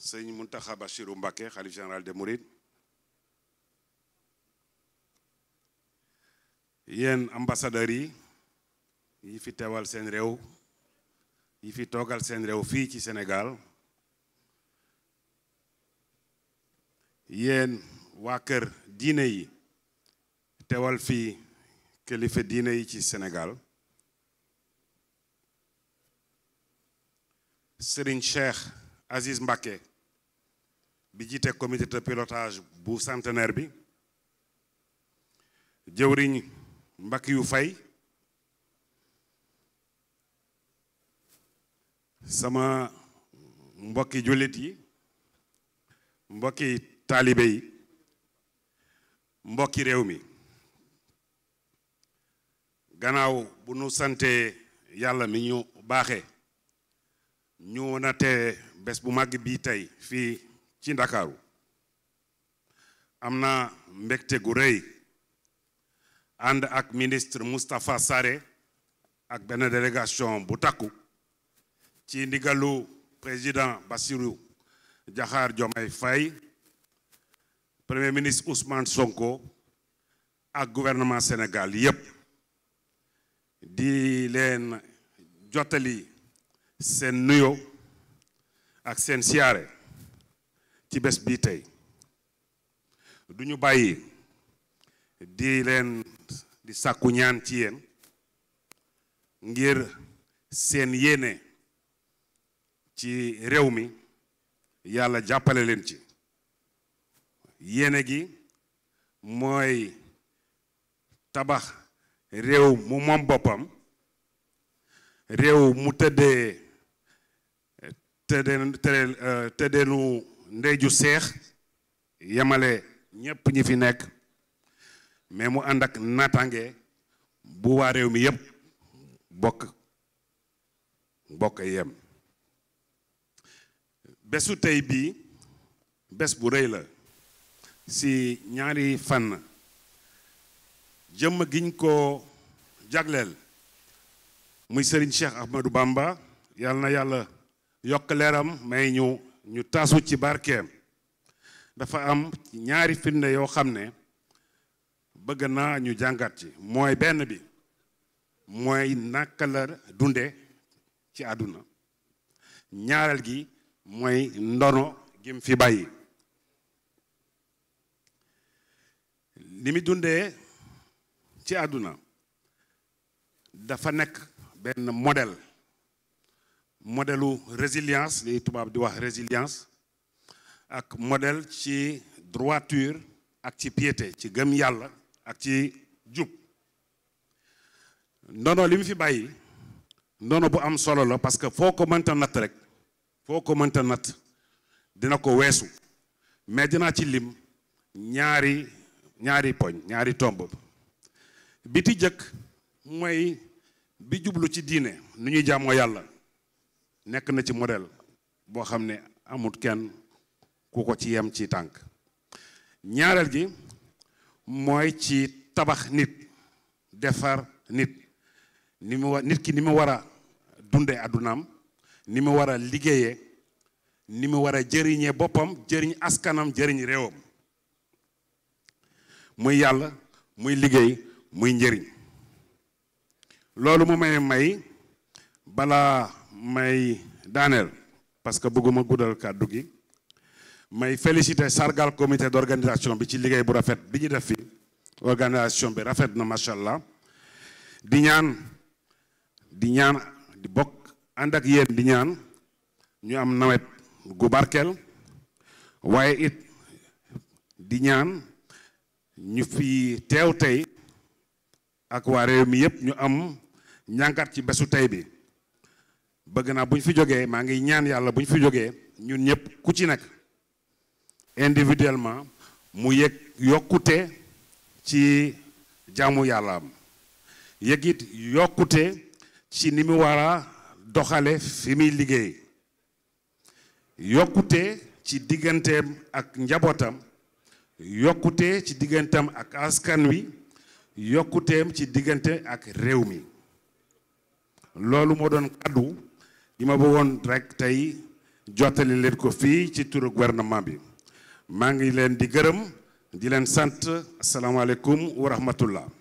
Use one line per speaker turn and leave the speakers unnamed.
sëñ Mountakha Bachirou Mbacké xalif général des Mourides yéen ambassadeurs yi yi fi teewal seen réew yi fi toogal seen réew fii ci Sénégal yéen waa kër diine yi teewal fii kilifa diine yi ci Sénégal Serigne Cheikh Aziz Mbacké bi jiite comité de pilotage bu centenaire bi jëwriñ mbakk yu Fay sama mbokki jullit yi mbokki taalibe yi mbokki réew mi gannaaw bu nu sante yàlla mi ñu baaxe ñu natee bés bu màgg bi tey fii ci ndakaaru am na mbégte gu rëy ànd ak ministre Moustapha Sare ak benn délégation bu takku ci ndigalu président Bassirou Diakhar Diomaye fay premier ministre Ousmane Sonko ak gouvernement Sénégal yépp di leen jottali seen nuyo ak seen siyaare ci bés bi tey du ñu bàyyi di leen di sàkku ñaan ci yéen ngir seen yéene ci réew mi yàlla jàppale leen ci yéene gi mooy tabax réew mu moom boppam réew mu tëddee tëddee tëddee nu ndey ju seex yemale ñépp ñi fi nekk mais mu ànd ak naataange bu waa réew mi yépp bokk bokk yem bésu tey bii bés bu rëy la si ñaari fànn jëmm giñ ko jagleel muy Serigne Cheikh Ahmadou Bamba yàlla na yàlla yokk leeram may ñu ñu taasu ci barkeem dafa am ñaari firnde yoo xam ne bëgg naa ñu jàngat ci mooy benn bi mooy naka dunde ci àdduna ñaareel gi mooy ndono gim fi bàyyi li mu ci àdduna dafa nekk benn modèle modelu résilience li tubaab di wax résilience ak modèle ci droiture ak ci piété ci gëm yàlla ak ci jub ndono li mu fi bàyyi ndono bu am solo la parce que foo ko mënta natt rek foo ko mënta natt dina ko weesu mais dinaa ci lim ñaari ñaari poñ ñaari tomb biti ti jëkk mooy bi jublu ci diine nu ñuy jaamoo yàlla nekk na ci modèle boo xam ne amut kenn ku ko ci yem ci tànk ñaareel gi mooy ci tabax nit defar nit ni mu wa nit ki ni mu war a dunde àddunaam ni mu war a liggéeyee ni mu war a jëriñee boppam jëriñ askanam jëriñ réewam muy yàlla muy liggéey muy njëriñ loolu mu may may balaa may daaneel parce que bëgguma guddal kàddu gi may félicité sargal comité d' organisation bi ci liggéey bu rafet bi ñu def fi organisation bi rafet na macha allah di ñaan di ñaan di bokk ànd ak yéen di ñaan ñu am nawet gu barkeel waaye it di ñaan ñu fi teew tey ak waa réew mi yépp ñu am ñànkat ci besu tey bi bëgg naa bu ñu fi jógee maa ngi ñaan yàlla bu ñu fi jógee ñun ñëpp ku ci nag individuellement mu yëg yokkute ci jaamu yàlla am yëgit yokkute ci ni mu war doxale fi muy liggéey yokkute ci digganteem ak njabootam yokkute ci digganteem ak askan wi yokkuteem ci diggante ak réew mi loolu moo doon kàddu li ma bëggoon rek tey jottali leen ko fii ci turu gouvernement bi maa ngi leen di gërëm di leen sant asalaamaaleykum wa rahmatullah